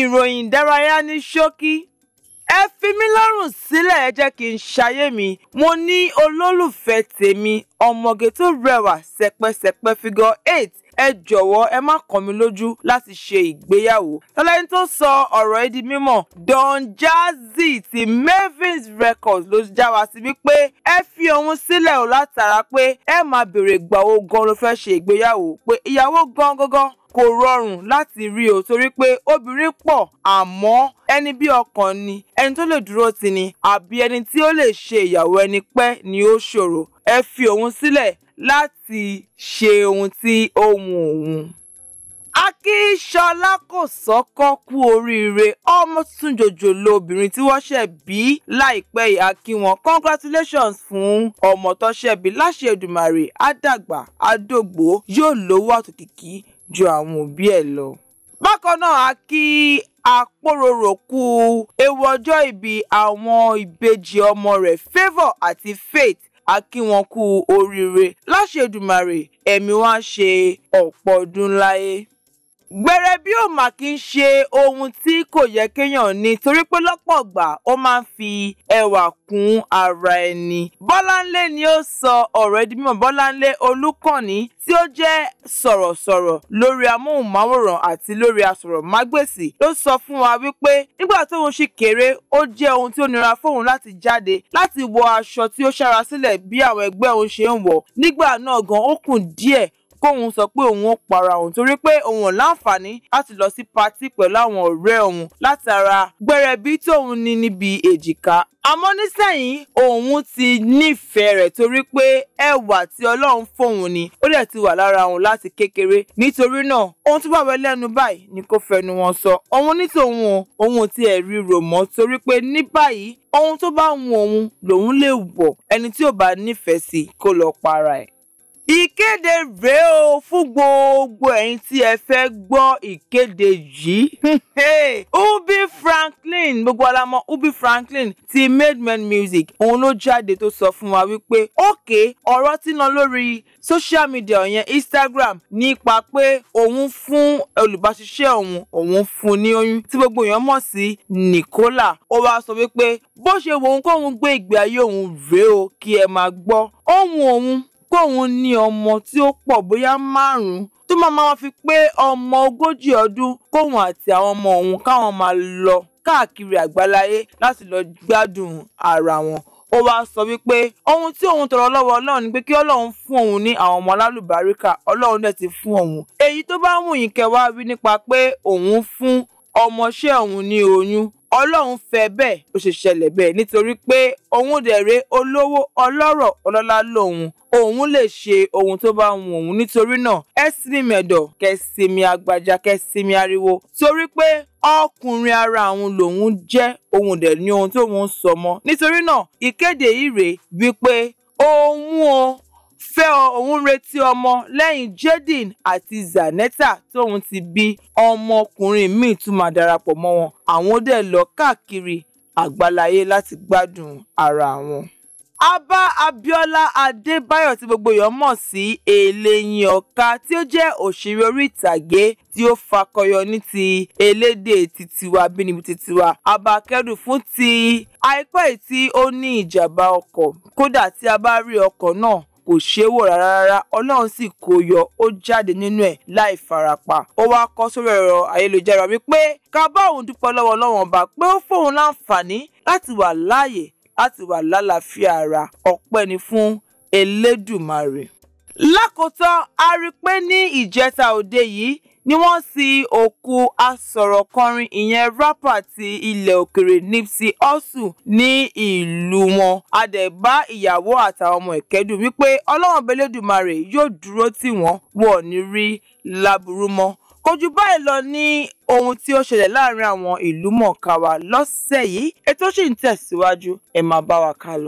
ìròyìn ìdárayá ní ṣókí ẹ fi mí lọ́rùn sílẹ̀ ẹ jẹ́ kí n ṣayé mi mo ní olólùfẹ́ tèmi ọmọge tó rẹwà sẹpẹsẹpẹ figure eight ẹ jọ̀wọ́ ẹ má kàn mí lójú láti ṣe ìgbéyàwó. tọ́lẹ́ni tó sọ ọ̀rọ̀ yìí di mímọ̀ Don Jazzy ti Mavins Records ló já wa sí wípé ẹ fi òun sílẹ̀ o látara pé ẹ máa bèrè ìgbà wo gan ló fẹ́ ṣe ìgbéyàwó pé ìyàwó gan gangan kò rọrùn láti rí o torí pé obìnrin pọ̀ àmọ́ ẹni bí ọkàn ni ẹni tó lè dúró ti ni àbí ẹni tí ó lè ṣe ìyàwó ẹni pẹ́ ni ó ṣòro ẹ fi òun sílẹ̀ láti ṣe ohun tí ó wù òun. Akíṣọlá kò sọ́kọ́ kú oríire ọmọ tuntun jòjòló obìnrin tí wọ́n ṣẹ̀ bí láìpẹ́ yìí akíwọn congratulations fún ọmọ tó ṣẹ̀ bí láṣẹ Èdùmàrè á dàgbà á dògbó yóò lówó àtòkìkí ju àwọn òbí ẹ̀ lọ. bákan náà a kí àpòròròkù ewu ọjọ́ ìbí àwọn ìbejì ọmọ rẹ̀ favour àti faith a kí wọn kú oríire láṣẹ Èdùmàrè ẹ̀mí wọn á ṣe ọ̀pọ̀ ọdún láyé gbẹrẹbí ò mà kí ń ṣe ohun tí kò yẹ kéèyàn ní torí pé lọ́pọ̀ ọgbà ó máa ń fi ẹwà kún ara ẹni bọ́láńlé ni ó sọ ọ̀rọ̀ ẹdí mímọ̀ bọ́láńlé olúkànnì tí ó jẹ́ sọ̀rọ̀sọ̀rọ̀ lórí amóhùnmáwòrán àti lórí asọ̀rọ̀mágbèsì ló sọ fún wa wípé nígbà tóun ṣì kéré ó jẹ́ ohun tí ó nira fóun láti jáde láti wọ aṣọ tí ó ṣára sílẹ̀ bí àwọn ẹgbẹ́ òun ṣe ń wọ̀ nígbà náà gan ó kùn díẹ̀ kóun sọ pé òun ó para òun torí pé òun ò láǹfààní láti lọ sí patí pẹ̀lú àwọn ọ̀rẹ́ òun látara gbẹrẹbí tóun ní níbi èjìká àmọ́ nísẹ̀yìn òun ti nífẹ̀ẹ́ rẹ̀ torí pé ẹwà tí ọlọ́run fóun ni ó dẹ̀ ti wà lára òun láti kékeré nítorí náà ohun tó bá wẹ lẹ́nu báyìí ni kò fẹnu wọn sọ òun ní tòun o òun ti ẹ̀rí rò mọ́ torí pé ní báyìí ohun tó bá wù òun lòun lè wọ̀ ẹni tí ò bá nífẹ̀ẹ́ sí kó lọ para ẹ̀ ìkéde rèé o fún gbogbo ẹ̀yin tí ẹ fẹ́ gbọ́ ìkéde yìí Ubi Franklin gbogbo alamọ Ubi Franklin ti Made Men Music òun ló jáde tó sọ fún wa wípé òkè ọ̀rọ̀ tí lọ lórí social media yẹn Instagram nípa pé òun fún olùbáṣiṣẹ́ òun òun fún ní oyún tí gbogbo èèyàn mọ̀ sí Nicola ó wá sọ wípé bó ṣe wo òun kóun gbé ìgbé ayé òun rèé o kí ẹ máa gbọ́ ohun òun kóun ní ọmọ tí ó pọ̀ bóyá márùn-ún tó máa máa fi pé ọmọ ogójì ọdún kóun àti àwọn ọmọ òun káwọn máa lọ káàkiri àgbáláyé láti lọ gbádùn ara wọn ó wáá sọ wípé ohun tí òun tọrọ lọ́wọ́ Ọlọ́run ni pé kí Ọlọ́run fún òun ní àwọn ọmọ alálùbáríkà Ọlọ́run dẹ̀ ti fún òun èyí tó bá wù yín kẹ́ wá wí nípa pé òun fún ọmọọṣẹ́ òun ní oyún ọlọ́run fẹ́ bẹ́ẹ̀ ó ṣe ṣẹlẹ̀ bẹ́ẹ̀ nítorí pé òun dẹ̀rẹ́ olówó ọlọ́rọ̀ ọlọ́lá lòun òun lè ṣe ohun tó bá wù òun nítorí náà ẹ sinmi ẹ̀dọ̀ kẹ́ sinmi agbájá kẹ́ sinmi ariwo torí pé ọkùnrin ara àwọn lòun jẹ́ òun dẹ̀ ní ohun tó òun sọ mọ́ nítorí náà ìkéde yìí rèé wípé òun o fẹ́ ọ òun retí ọmọ lẹ́yìn Jaden àti Zanetta tóun ti bí ọmọkùnrin míì tún máa darapọ̀ mọ́ wọn àwọn dẹ̀ lọ káàkiri àgbáláyé láti gbádùn ara wọn. Abba Abiola Adébáyọ̀ tí gbogbo èèyàn mọ̀ sí Eléyìn Ọ̀ka tí ó jẹ́ òṣèré orí ìtàgé tí ó fakọyọ ní ti elédè titiwa bínibí titiwa Abba kẹ́dùn fún ti àìpẹ́ tí ó ní ìjàmbá ọkọ̀ kódà tí a bá rí ọkọ̀ náà kò ṣeé wò rárá rárá ọlọ́run sì kó yọ ó jáde nínú ẹ̀ láì farapa ó wá kọ sórí ẹ̀rọ ayélujára wípé ká bá òun dúpẹ́ lọ́wọ́ ọlọ́run ọba pé ó fóun láǹfààní láti wà láàyè láti wà lálàáfíà ara ọpẹ́ ni fún elédùmarè. lákòótán a rí i pé ní ìjẹta òde yìí ni wọ́n sin òkú asọ̀rọ̀kọrin ìyẹn rapper ti ilẹ̀ òkèrè Nipsey Hussle ní ìlú wọn a dẹ̀ bá ìyàwó àtàwọn ọmọ ìkẹ́dùn wípé ọlọ́run belédùmarè yóò dúró tì wọ́n wọ̀ ní rí láburú mọ́ kò jù báyìí lọ ní ohun tí ó ṣẹlẹ̀ láàrin àwọn ìlú mọ̀ọ́ká wa lọ́sẹ̀ yìí ètò sì ń tẹ̀síwájú ẹ máa bá wa ká